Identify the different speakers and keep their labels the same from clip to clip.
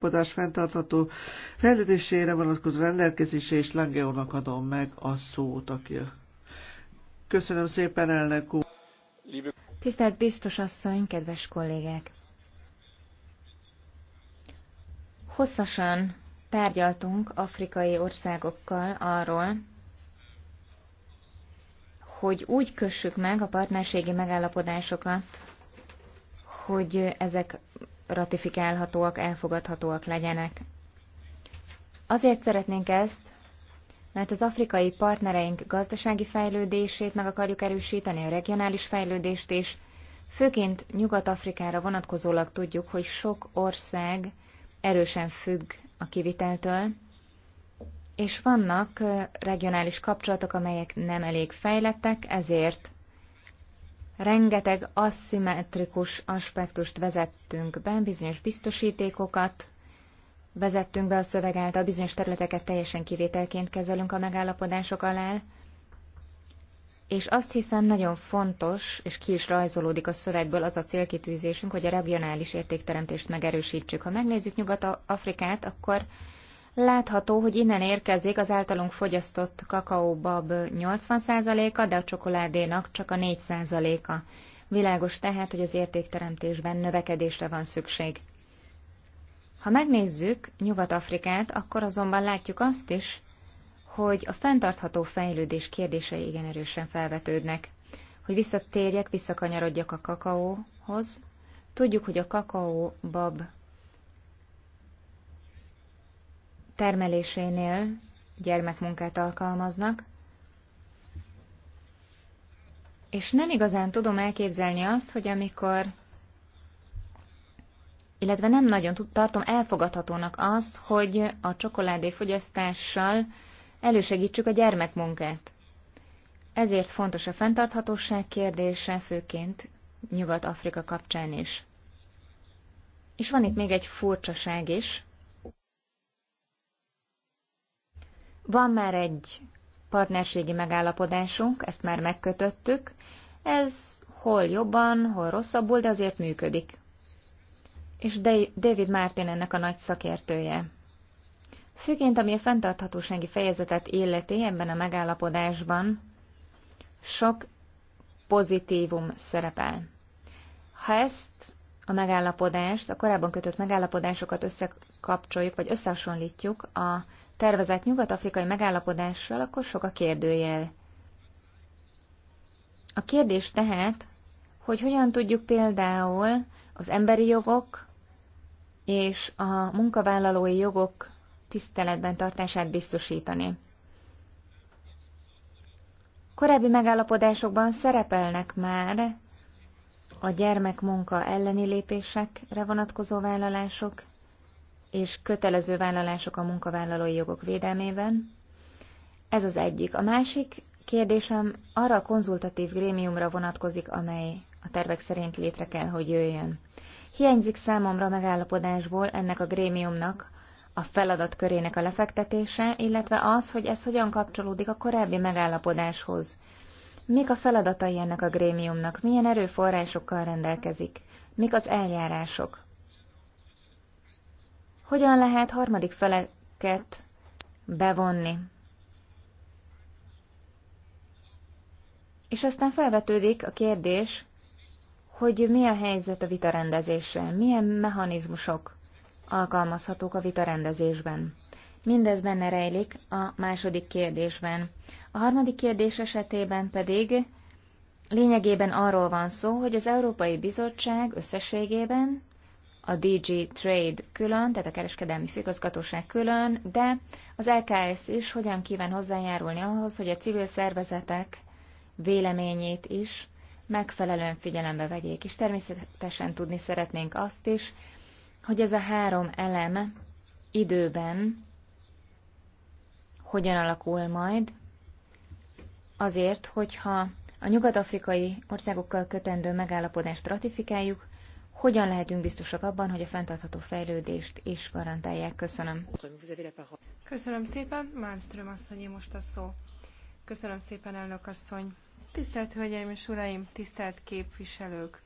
Speaker 1: gazdálkodás fenntartható fejlődésére vonatkozó rendelkezésre, és Langeónak adom meg a szót, aki. Köszönöm szépen, elnök úr!
Speaker 2: Tisztelt biztos asszony, kedves kollégák! Hosszasan tárgyaltunk afrikai országokkal arról, hogy úgy kössük meg a partnerségi megállapodásokat, hogy ezek ratifikálhatóak, elfogadhatóak legyenek. Azért szeretnénk ezt, mert az afrikai partnereink gazdasági fejlődését meg akarjuk erősíteni, a regionális fejlődést is. Főként Nyugat-Afrikára vonatkozólag tudjuk, hogy sok ország erősen függ a kiviteltől, és vannak regionális kapcsolatok, amelyek nem elég fejlettek, ezért rengeteg aszimmetrikus aspektust vezettünk be, bizonyos biztosítékokat vezettünk be a szöveg által, bizonyos területeket teljesen kivételként kezelünk a megállapodások alá, és azt hiszem nagyon fontos, és ki is rajzolódik a szövegből az a célkitűzésünk, hogy a regionális értékteremtést megerősítsük. Ha megnézzük Nyugat-Afrikát, akkor Látható, hogy innen érkezik az általunk fogyasztott kakaóbab 80%-a, de a csokoládénak csak a 4%-a. Világos tehát, hogy az értékteremtésben növekedésre van szükség. Ha megnézzük Nyugat-Afrikát, akkor azonban látjuk azt is, hogy a fenntartható fejlődés kérdései igen erősen felvetődnek. Hogy visszatérjek, visszakanyarodjak a kakaóhoz. Tudjuk, hogy a kakaóbab termelésénél gyermekmunkát alkalmaznak, és nem igazán tudom elképzelni azt, hogy amikor, illetve nem nagyon tartom elfogadhatónak azt, hogy a csokoládé fogyasztással elősegítsük a gyermekmunkát. Ezért fontos a fenntarthatóság kérdése, főként Nyugat-Afrika kapcsán is. És van itt még egy furcsaság is. Van már egy partnerségi megállapodásunk, ezt már megkötöttük. Ez hol jobban, hol rosszabbul, de azért működik. És David Martin ennek a nagy szakértője. Főként, ami a fenntarthatósági fejezetet illeti ebben a megállapodásban, sok pozitívum szerepel. Ha ezt a megállapodást, a korábban kötött megállapodásokat összekapcsoljuk, vagy összehasonlítjuk a tervezett nyugat-afrikai megállapodással, akkor sok a kérdőjel. A kérdés tehát, hogy hogyan tudjuk például az emberi jogok és a munkavállalói jogok tiszteletben tartását biztosítani. Korábbi megállapodásokban szerepelnek már a gyermekmunka elleni lépésekre vonatkozó vállalások, és kötelező vállalások a munkavállalói jogok védelmében. Ez az egyik. A másik kérdésem arra a konzultatív grémiumra vonatkozik, amely a tervek szerint létre kell, hogy jöjjön. Hiányzik számomra megállapodásból ennek a grémiumnak a feladat körének a lefektetése, illetve az, hogy ez hogyan kapcsolódik a korábbi megállapodáshoz. Mik a feladatai ennek a grémiumnak, milyen erőforrásokkal rendelkezik, mik az eljárások. Hogyan lehet harmadik feleket bevonni? És aztán felvetődik a kérdés, hogy mi a helyzet a vitarendezéssel, milyen mechanizmusok alkalmazhatók a vitarendezésben. Mindez benne rejlik a második kérdésben. A harmadik kérdés esetében pedig lényegében arról van szó, hogy az Európai Bizottság összességében a DG Trade külön, tehát a kereskedelmi főigazgatóság külön, de az LKS is hogyan kíván hozzájárulni ahhoz, hogy a civil szervezetek véleményét is megfelelően figyelembe vegyék. És természetesen tudni szeretnénk azt is, hogy ez a három elem időben hogyan alakul majd, azért, hogyha a nyugat-afrikai országokkal kötendő megállapodást ratifikáljuk, hogyan lehetünk biztosak abban, hogy a fenntartható fejlődést is garantálják. Köszönöm.
Speaker 3: Köszönöm szépen, Malmström asszony, most a szó. Köszönöm szépen, elnök asszony. Tisztelt Hölgyeim és Uraim, tisztelt képviselők!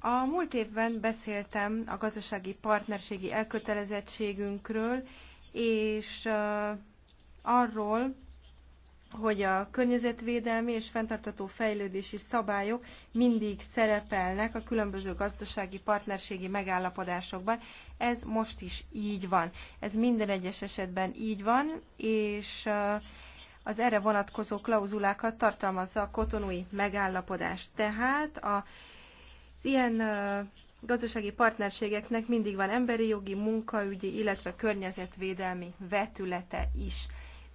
Speaker 3: A múlt évben beszéltem a gazdasági partnerségi elkötelezettségünkről, és arról, hogy a környezetvédelmi és fenntartató fejlődési szabályok mindig szerepelnek a különböző gazdasági partnerségi megállapodásokban. Ez most is így van. Ez minden egyes esetben így van, és az erre vonatkozó klauzulákat tartalmazza a kotonui megállapodás. Tehát a, az ilyen gazdasági partnerségeknek mindig van emberi jogi, munkaügyi, illetve környezetvédelmi vetülete is.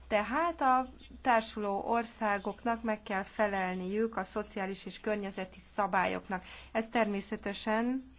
Speaker 3: Tehát a társuló országoknak meg kell felelniük a szociális és környezeti szabályoknak. Ez természetesen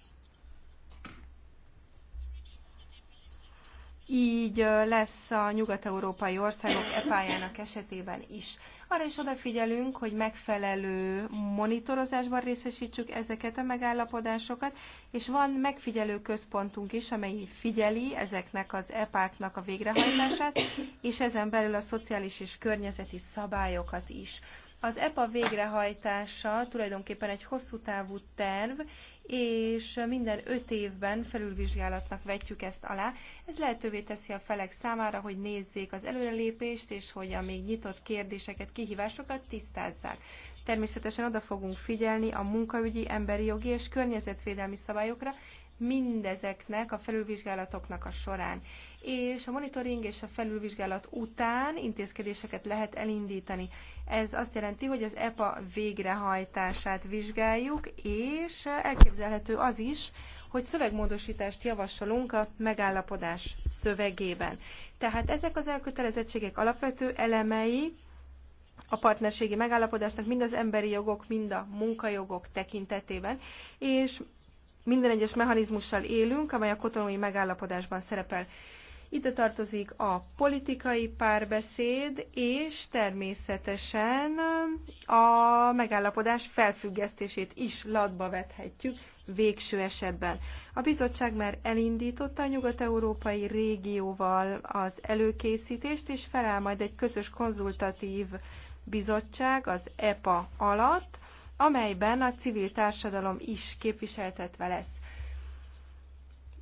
Speaker 3: így lesz a nyugat-európai országok epájának esetében is. Arra is odafigyelünk, hogy megfelelő monitorozásban részesítsük ezeket a megállapodásokat, és van megfigyelő központunk is, amely figyeli ezeknek az epáknak a végrehajtását, és ezen belül a szociális és környezeti szabályokat is. Az EPA végrehajtása tulajdonképpen egy hosszú távú terv, és minden öt évben felülvizsgálatnak vetjük ezt alá. Ez lehetővé teszi a felek számára, hogy nézzék az előrelépést, és hogy a még nyitott kérdéseket, kihívásokat tisztázzák. Természetesen oda fogunk figyelni a munkaügyi, emberi jogi és környezetvédelmi szabályokra, mindezeknek a felülvizsgálatoknak a során. És a monitoring és a felülvizsgálat után intézkedéseket lehet elindítani. Ez azt jelenti, hogy az EPA végrehajtását vizsgáljuk, és elképzelhető az is, hogy szövegmódosítást javasolunk a megállapodás szövegében. Tehát ezek az elkötelezettségek alapvető elemei a partnerségi megállapodásnak mind az emberi jogok, mind a munkajogok tekintetében, és minden egyes mechanizmussal élünk, amely a kotonói megállapodásban szerepel. Ide tartozik a politikai párbeszéd, és természetesen a megállapodás felfüggesztését is latba vethetjük végső esetben. A bizottság már elindította a nyugat-európai régióval az előkészítést, és feláll majd egy közös konzultatív bizottság az EPA alatt, amelyben a civil társadalom is képviseltetve lesz.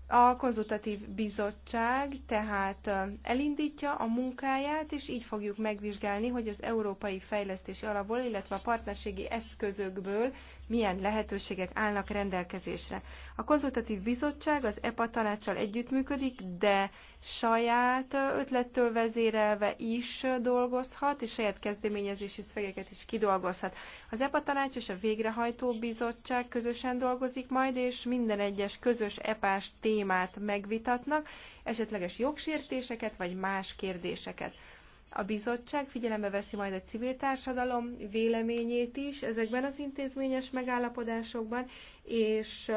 Speaker 3: A konzultatív bizottság tehát elindítja a munkáját, és így fogjuk megvizsgálni, hogy az európai fejlesztési alapból, illetve a partnerségi eszközökből milyen lehetőségek állnak rendelkezésre. A konzultatív bizottság az EPA tanácssal együttműködik, de saját ötlettől vezérelve is dolgozhat, és saját kezdeményezési szövegeket is kidolgozhat. Az EPA tanács és a végrehajtó bizottság közösen dolgozik majd, és minden egyes közös epás témát megvitatnak, esetleges jogsértéseket vagy más kérdéseket. A bizottság figyelembe veszi majd a civil társadalom véleményét is ezekben az intézményes megállapodásokban, és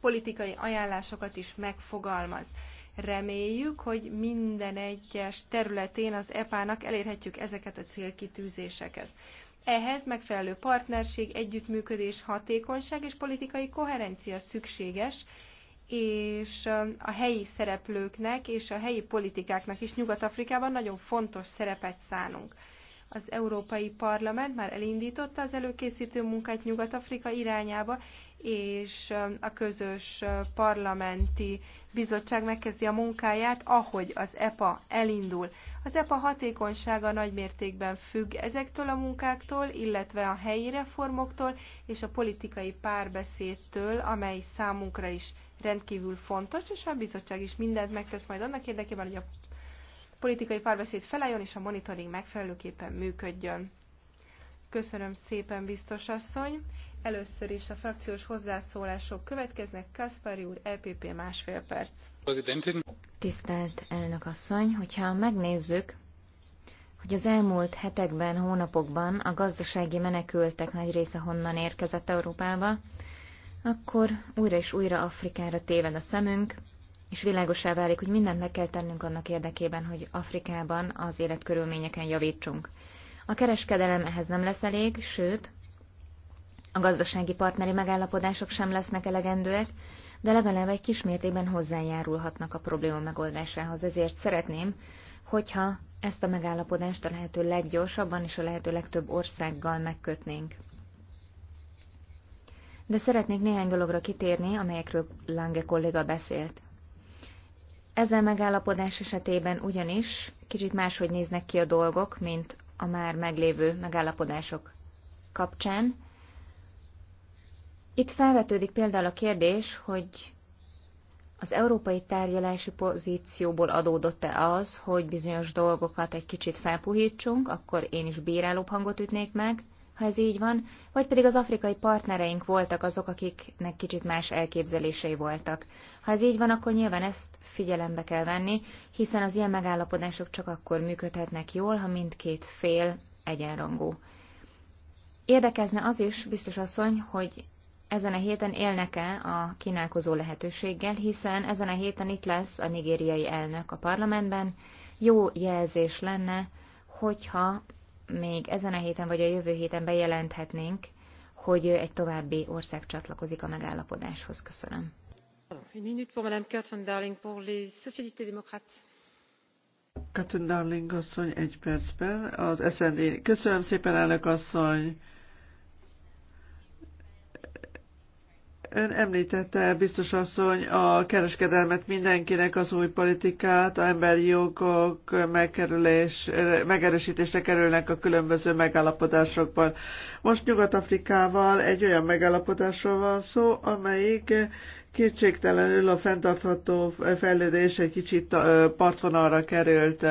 Speaker 3: politikai ajánlásokat is megfogalmaz. Reméljük, hogy minden egyes területén az EPA-nak elérhetjük ezeket a célkitűzéseket. Ehhez megfelelő partnerség, együttműködés, hatékonyság és politikai koherencia szükséges, és a helyi szereplőknek és a helyi politikáknak is Nyugat-Afrikában nagyon fontos szerepet szánunk. Az Európai Parlament már elindította az előkészítő munkát Nyugat-Afrika irányába, és a közös parlamenti bizottság megkezdi a munkáját, ahogy az EPA elindul. Az EPA hatékonysága nagymértékben függ ezektől a munkáktól, illetve a helyi reformoktól és a politikai párbeszédtől, amely számunkra is rendkívül fontos, és a bizottság is mindent megtesz majd annak érdekében, hogy a politikai párbeszéd felálljon és a monitoring megfelelőképpen működjön. Köszönöm szépen, biztos asszony, Először is a frakciós hozzászólások következnek. Kaspari úr, EPP másfél perc.
Speaker 2: Tisztelt elnök asszony, hogyha megnézzük, hogy az elmúlt hetekben, hónapokban a gazdasági menekültek nagy része honnan érkezett Európába, akkor újra és újra Afrikára téved a szemünk, és világosá válik, hogy mindent meg kell tennünk annak érdekében, hogy Afrikában az életkörülményeken javítsunk. A kereskedelem ehhez nem lesz elég, sőt, a gazdasági partneri megállapodások sem lesznek elegendőek, de legalább egy kis mértékben hozzájárulhatnak a probléma megoldásához. Ezért szeretném, hogyha ezt a megállapodást a lehető leggyorsabban és a lehető legtöbb országgal megkötnénk. De szeretnék néhány dologra kitérni, amelyekről Lange kolléga beszélt. Ezen megállapodás esetében ugyanis kicsit máshogy néznek ki a dolgok, mint a már meglévő megállapodások kapcsán. Itt felvetődik például a kérdés, hogy az európai tárgyalási pozícióból adódott-e az, hogy bizonyos dolgokat egy kicsit felpuhítsunk, akkor én is bírálóbb hangot ütnék meg, ha ez így van, vagy pedig az afrikai partnereink voltak azok, akiknek kicsit más elképzelései voltak. Ha ez így van, akkor nyilván ezt figyelembe kell venni, hiszen az ilyen megállapodások csak akkor működhetnek jól, ha mindkét fél egyenrangú. Érdekezne az is, biztos asszony, hogy ezen a héten élnek-e a kínálkozó lehetőséggel, hiszen ezen a héten itt lesz a nigériai elnök a parlamentben. Jó jelzés lenne, hogyha még ezen a héten vagy a jövő héten bejelenthetnénk, hogy egy további ország csatlakozik a megállapodáshoz. Köszönöm.
Speaker 1: Darling asszony, egy percben. Az SND. Köszönöm szépen, elnök asszony. Ön említette, biztos asszony, a kereskedelmet mindenkinek, az új politikát, a emberi jogok megkerülés, megerősítésre kerülnek a különböző megállapodásokban. Most Nyugat-Afrikával egy olyan megállapodásról van szó, amelyik kétségtelenül a fenntartható fejlődés egy kicsit partvonalra került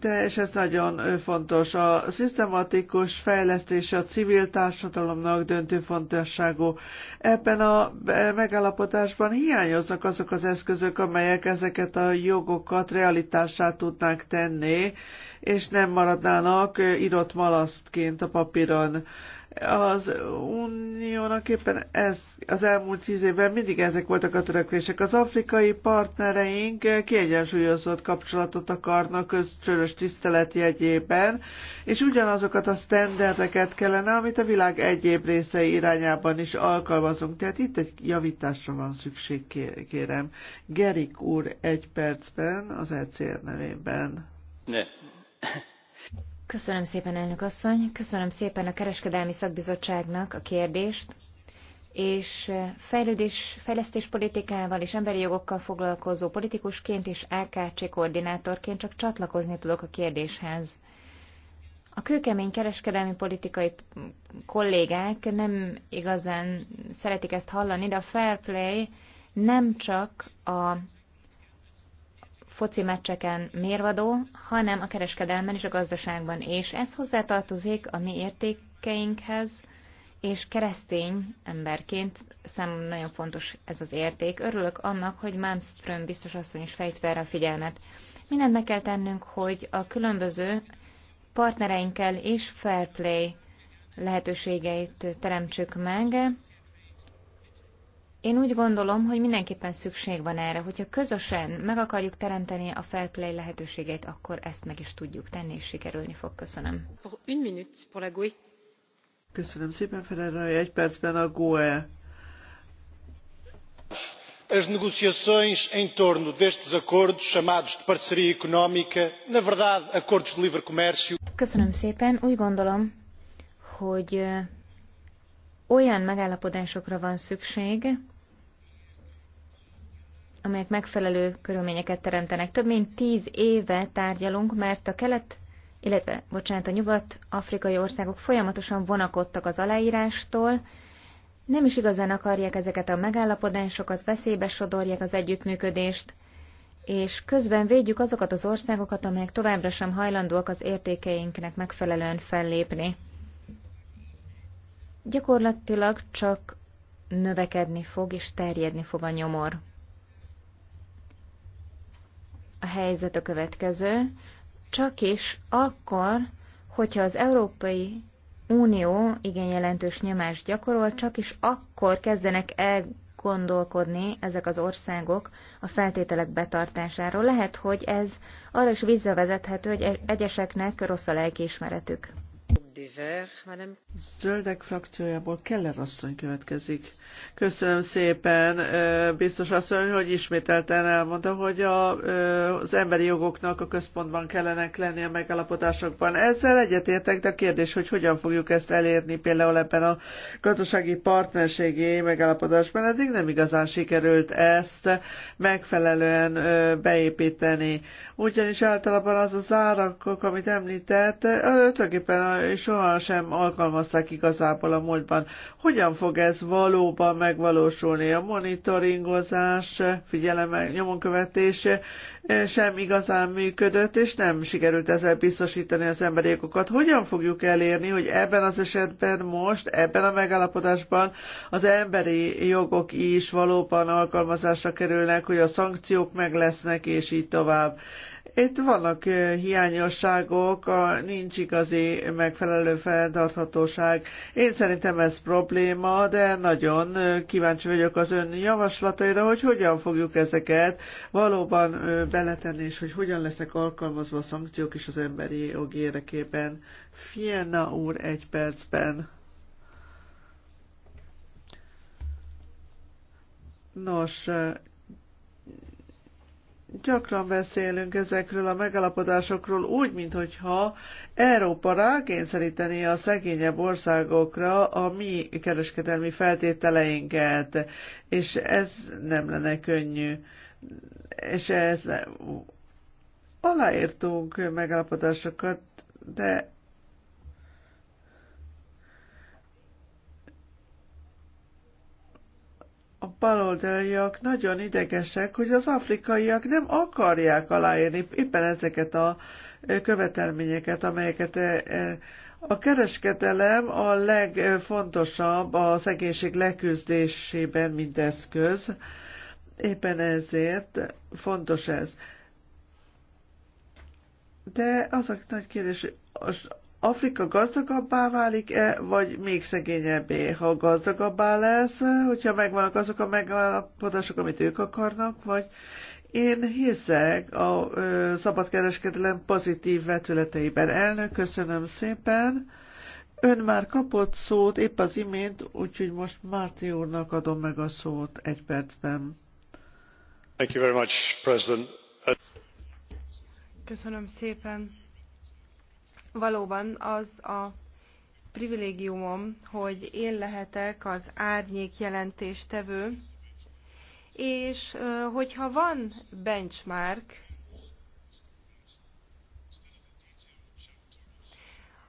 Speaker 1: de és ez nagyon fontos. A szisztematikus fejlesztése a civil társadalomnak döntő fontosságú. Ebben a e, megállapodásban hiányoznak azok az eszközök, amelyek ezeket a jogokat realitássá tudnák tenni, és nem maradnának írott malasztként a papíron az uniónak éppen ez az elmúlt tíz évben mindig ezek voltak a törekvések. Az afrikai partnereink kiegyensúlyozott kapcsolatot akarnak közcsörös tisztelet jegyében, és ugyanazokat a sztenderdeket kellene, amit a világ egyéb részei irányában is alkalmazunk. Tehát itt egy javításra van szükség, kérem. Gerik úr egy percben az ECR nevében. Ne.
Speaker 2: Köszönöm szépen, elnök asszony. Köszönöm szépen a Kereskedelmi Szakbizottságnak a kérdést, és fejlődés, fejlesztéspolitikával és emberi jogokkal foglalkozó politikusként és AKC koordinátorként csak csatlakozni tudok a kérdéshez. A kőkemény kereskedelmi politikai kollégák nem igazán szeretik ezt hallani, de a fair play nem csak a foci meccseken mérvadó, hanem a kereskedelmen és a gazdaságban. És ez hozzátartozik a mi értékeinkhez, és keresztény emberként számomra nagyon fontos ez az érték. Örülök annak, hogy Malmström biztos asszony is felhívta erre a figyelmet. Mindent meg kell tennünk, hogy a különböző partnereinkkel és fair play lehetőségeit teremtsük meg, én úgy gondolom, hogy mindenképpen szükség van erre, hogyha közösen meg akarjuk teremteni a fair play lehetőségét, akkor ezt meg is tudjuk tenni, és
Speaker 1: sikerülni fog. Köszönöm. E. Köszönöm szépen, Ferrara, egy percben a GOE. As negociações
Speaker 3: em torno destes acordos chamados de parceria económica, na verdade, acordos de livre
Speaker 1: comércio.
Speaker 2: Köszönöm szépen, úgy gondolom, hogy olyan megállapodásokra van szükség, amelyek megfelelő körülményeket teremtenek. Több mint tíz éve tárgyalunk, mert a kelet, illetve, bocsánat, a nyugat-afrikai országok folyamatosan vonakodtak az aláírástól, nem is igazán akarják ezeket a megállapodásokat, veszélybe sodorják az együttműködést, és közben védjük azokat az országokat, amelyek továbbra sem hajlandóak az értékeinknek megfelelően fellépni. Gyakorlatilag csak növekedni fog és terjedni fog a nyomor a helyzet a következő, csak is akkor, hogyha az Európai Unió igen jelentős nyomást gyakorol, csak is akkor kezdenek el gondolkodni ezek az országok a feltételek betartásáról. Lehet, hogy ez arra is visszavezethető, hogy e-, egyeseknek rossz a lelkiismeretük.
Speaker 1: Zöldek frakciójából Keller asszony következik. Köszönöm szépen, biztos asszony, hogy ismételten elmondta, hogy a, az emberi jogoknak a központban kellene lenni a megalapodásokban. Ezzel egyetértek, de a kérdés, hogy hogyan fogjuk ezt elérni például ebben a gazdasági partnerségi megalapodásban, Eddig nem igazán sikerült ezt megfelelően beépíteni. Ugyanis általában az az árakok, amit említett, tulajdonképpen is soha sem alkalmazták igazából a múltban. Hogyan fog ez valóban megvalósulni? A monitoringozás, figyelem, nyomonkövetés sem igazán működött, és nem sikerült ezzel biztosítani az emberi jogokat. Hogyan fogjuk elérni, hogy ebben az esetben most, ebben a megállapodásban az emberi jogok is valóban alkalmazásra kerülnek, hogy a szankciók meg lesznek, és így tovább. Itt vannak hiányosságok, a, nincs igazi megfelelő fenntarthatóság. Én szerintem ez probléma, de nagyon kíváncsi vagyok az ön javaslataira, hogy hogyan fogjuk ezeket valóban beletenni, és hogy hogyan leszek alkalmazva a szankciók is az emberi jogi érdekében. fienna úr egy percben. Nos, Gyakran beszélünk ezekről a megalapodásokról úgy, mintha Európa rákényszerítené a szegényebb országokra a mi kereskedelmi feltételeinket, és ez nem lenne könnyű. És ez aláírtunk megállapodásokat, de baloldaliak nagyon idegesek, hogy az afrikaiak nem akarják aláírni éppen ezeket a e, követelményeket, amelyeket e, e, a kereskedelem a legfontosabb a szegénység leküzdésében, mint eszköz. Éppen ezért fontos ez. De az a nagy kérdés, Afrika gazdagabbá válik-e, vagy még szegényebbé? Ha gazdagabbá lesz, hogyha megvannak azok a megállapodások, amit ők akarnak, vagy én hiszek a ö, szabadkereskedelem pozitív vetületeiben. Elnök, köszönöm szépen. Ön már kapott szót épp az imént, úgyhogy most Márti úrnak adom meg a szót egy percben. Thank you
Speaker 3: very much, President. Köszönöm szépen valóban az a privilégiumom, hogy én lehetek az árnyék jelentéstevő, és hogyha van benchmark,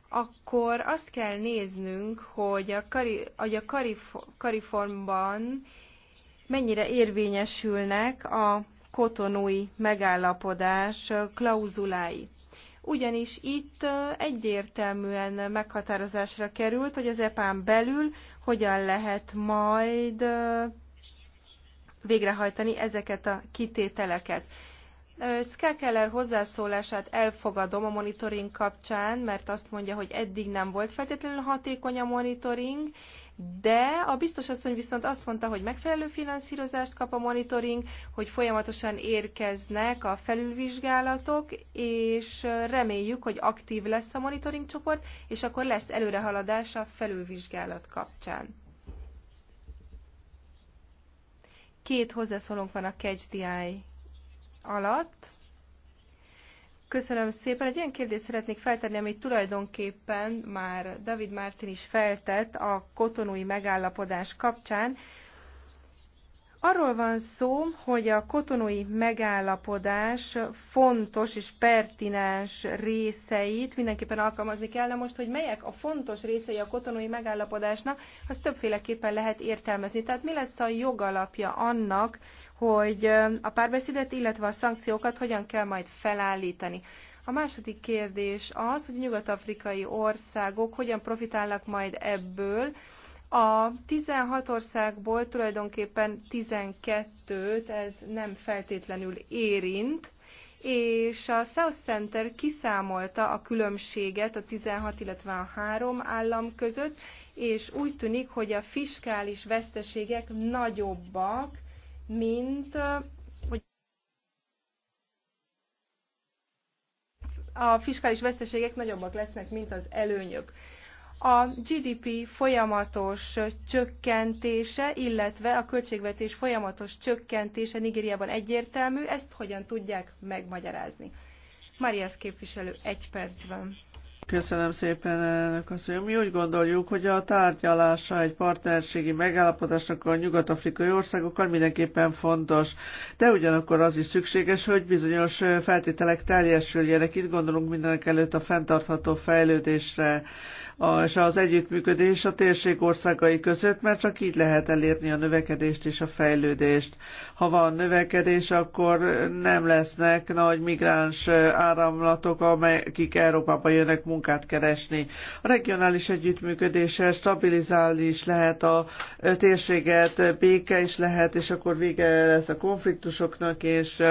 Speaker 3: akkor azt kell néznünk, hogy a, kari, hogy a kariformban mennyire érvényesülnek a kotonói megállapodás klauzulái ugyanis itt egyértelműen meghatározásra került, hogy az EPÁN belül hogyan lehet majd végrehajtani ezeket a kitételeket. Ska hozzászólását elfogadom a monitoring kapcsán, mert azt mondja, hogy eddig nem volt feltétlenül hatékony a monitoring, de a biztos asszony viszont azt mondta, hogy megfelelő finanszírozást kap a monitoring, hogy folyamatosan érkeznek a felülvizsgálatok, és reméljük, hogy aktív lesz a monitoring csoport, és akkor lesz előrehaladás a felülvizsgálat kapcsán. Két hozzászólónk van a Catch the Eye alatt. Köszönöm szépen. Egy olyan kérdést szeretnék feltenni, amit tulajdonképpen már David Martin is feltett a kotonúi megállapodás kapcsán. Arról van szó, hogy a kotonói megállapodás fontos és pertinens részeit mindenképpen alkalmazni kellene most, hogy melyek a fontos részei a kotonói megállapodásnak, az többféleképpen lehet értelmezni. Tehát mi lesz a jogalapja annak, hogy a párbeszédet, illetve a szankciókat hogyan kell majd felállítani. A második kérdés az, hogy nyugat-afrikai országok hogyan profitálnak majd ebből, a 16 országból tulajdonképpen 12-t ez nem feltétlenül érint, és a South Center kiszámolta a különbséget a 16, illetve a 3 állam között, és úgy tűnik, hogy a fiskális veszteségek nagyobbak, mint hogy a fiskális veszteségek nagyobbak lesznek, mint az előnyök a GDP folyamatos csökkentése, illetve a költségvetés folyamatos csökkentése Nigériában egyértelmű, ezt hogyan tudják megmagyarázni? Marias képviselő, egy percben.
Speaker 1: Köszönöm szépen, elnök asszony. Mi úgy gondoljuk, hogy a tárgyalása egy partnerségi megállapodásnak a nyugat-afrikai országokkal mindenképpen fontos, de ugyanakkor az is szükséges, hogy bizonyos feltételek teljesüljenek. Itt gondolunk mindenek előtt a fenntartható fejlődésre és az együttműködés a térség országai között, mert csak így lehet elérni a növekedést és a fejlődést. Ha van növekedés, akkor nem lesznek nagy migráns áramlatok, amelyek Európába jönnek munkát keresni. A regionális együttműködéssel stabilizálni is lehet a térséget, béke is lehet, és akkor vége lesz a konfliktusoknak, és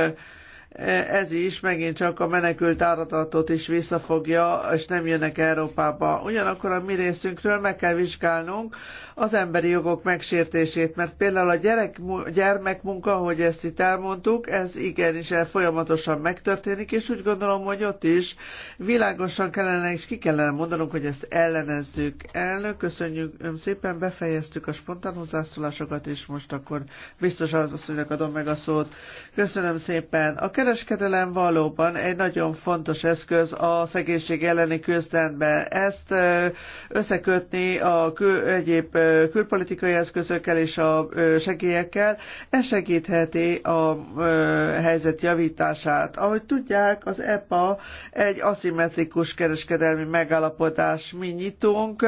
Speaker 1: ez is megint csak a menekült áradatot is visszafogja, és nem jönnek Európába. Ugyanakkor a mi részünkről meg kell vizsgálnunk az emberi jogok megsértését, mert például a gyerek, gyermekmunka, ahogy ezt itt elmondtuk, ez igenis el folyamatosan megtörténik, és úgy gondolom, hogy ott is világosan kellene, és ki kellene mondanunk, hogy ezt ellenezzük. Elnök, köszönjük ön szépen, befejeztük a spontán hozzászólásokat, és most akkor biztos az asszonynak adom meg a szót. Köszönöm szépen. A kereskedelem valóban egy nagyon fontos eszköz a szegénység elleni küzdelemben. Ezt összekötni a kül, egyéb külpolitikai eszközökkel és a segélyekkel, ez segítheti a helyzet javítását. Ahogy tudják, az EPA egy aszimmetrikus kereskedelmi megállapodás. Mi nyitunk,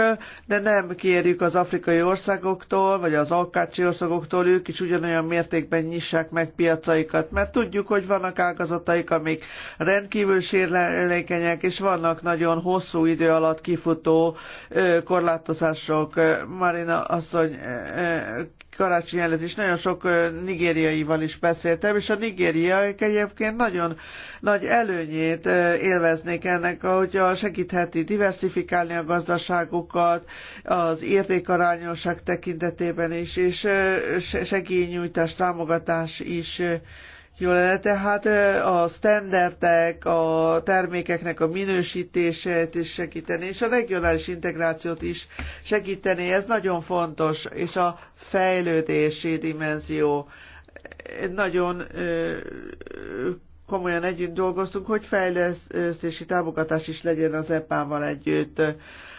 Speaker 1: de nem kérjük az afrikai országoktól, vagy az alkácsi országoktól, ők is ugyanolyan mértékben nyissák meg piacaikat, mert tudjuk, hogy vannak ágazataik, amik rendkívül sérülékenyek, és vannak nagyon hosszú idő alatt kifutó korlátozások. Marina asszony karácsony előtt is nagyon sok nigériaival is beszéltem, és a nigériaiak egyébként nagyon nagy előnyét élveznék ennek, ahogy segítheti diversifikálni a gazdaságukat, az értékarányosság tekintetében is, és segélynyújtás, támogatás is jó lenne, tehát a standardek, a termékeknek a minősítését is segíteni, és a regionális integrációt is segíteni, ez nagyon fontos, és a fejlődési dimenzió. Nagyon komolyan együtt dolgoztunk, hogy fejlesztési támogatás is legyen az EPÁ-val együtt.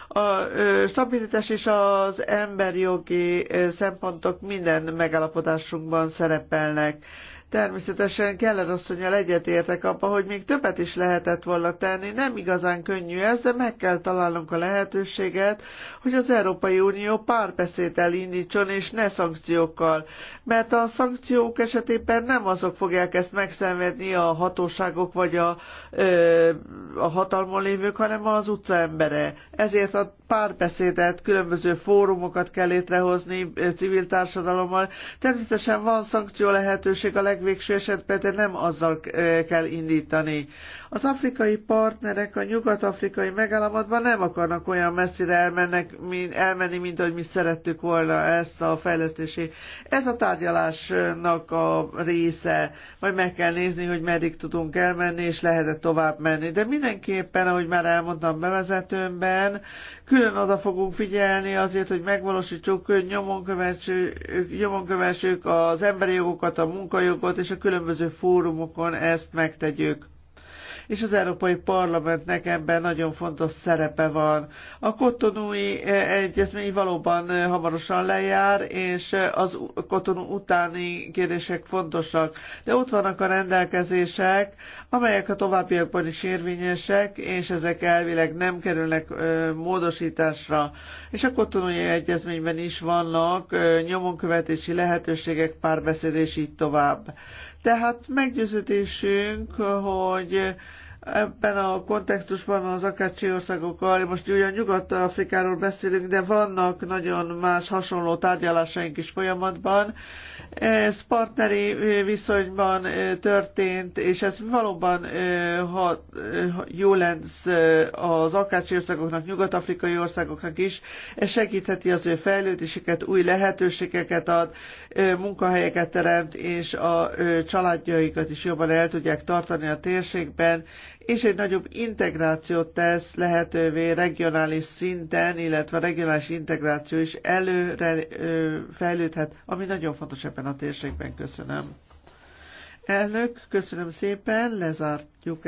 Speaker 1: A stabilitás és az emberjogi szempontok minden megállapodásunkban szerepelnek Természetesen Keller asszonyjal egyetértek abba, hogy még többet is lehetett volna tenni. Nem igazán könnyű ez, de meg kell találnunk a lehetőséget, hogy az Európai Unió párbeszéd elindítson, és ne szankciókkal. Mert a szankciók esetében nem azok fogják ezt megszenvedni a hatóságok vagy a, ö, a hatalmon lévők, hanem az utca embere. Ezért a párbeszédet, különböző fórumokat kell létrehozni civil társadalommal. Természetesen van szankció lehetőség a legvégső esetben, de nem azzal kell indítani. Az afrikai partnerek a nyugat-afrikai megállamatban nem akarnak olyan messzire elmennek, mint, elmenni, mint ahogy mi szerettük volna ezt a fejlesztési. Ez a tárgyalásnak a része. Majd meg kell nézni, hogy meddig tudunk elmenni, és lehet-e tovább menni. De mindenképpen, ahogy már elmondtam bevezetőmben, külön oda fogunk figyelni azért, hogy megvalósítsuk, hogy nyomon kövessük az emberi jogokat, a munkajogot, és a különböző fórumokon ezt megtegyük és az Európai Parlamentnek ebben nagyon fontos szerepe van. A kotonúi eh, egyezmény valóban eh, hamarosan lejár, és eh, az kotonú utáni kérdések fontosak, de ott vannak a rendelkezések, amelyek a továbbiakban is érvényesek, és ezek elvileg nem kerülnek módosításra. És a Kotonúi egyezményben is vannak nyomonkövetési lehetőségek, párbeszéd és így tovább. Tehát meggyőződésünk, hogy ebben a kontextusban az akácsi országokkal, most ugyan Nyugat-Afrikáról beszélünk, de vannak nagyon más hasonló tárgyalásaink is folyamatban, ez partneri viszonyban történt, és ez valóban ha, jó lesz az akácsi országoknak, nyugat-afrikai országoknak is. Ez segítheti az ő fejlődésüket, új lehetőségeket ad, munkahelyeket teremt, és a családjaikat is jobban el tudják tartani a térségben, és egy nagyobb integrációt tesz lehetővé regionális szinten, illetve regionális integráció is előre fejlődhet, ami nagyon fontos ebben a térségben. Köszönöm. Elnök, köszönöm szépen, lezártjuk ezt.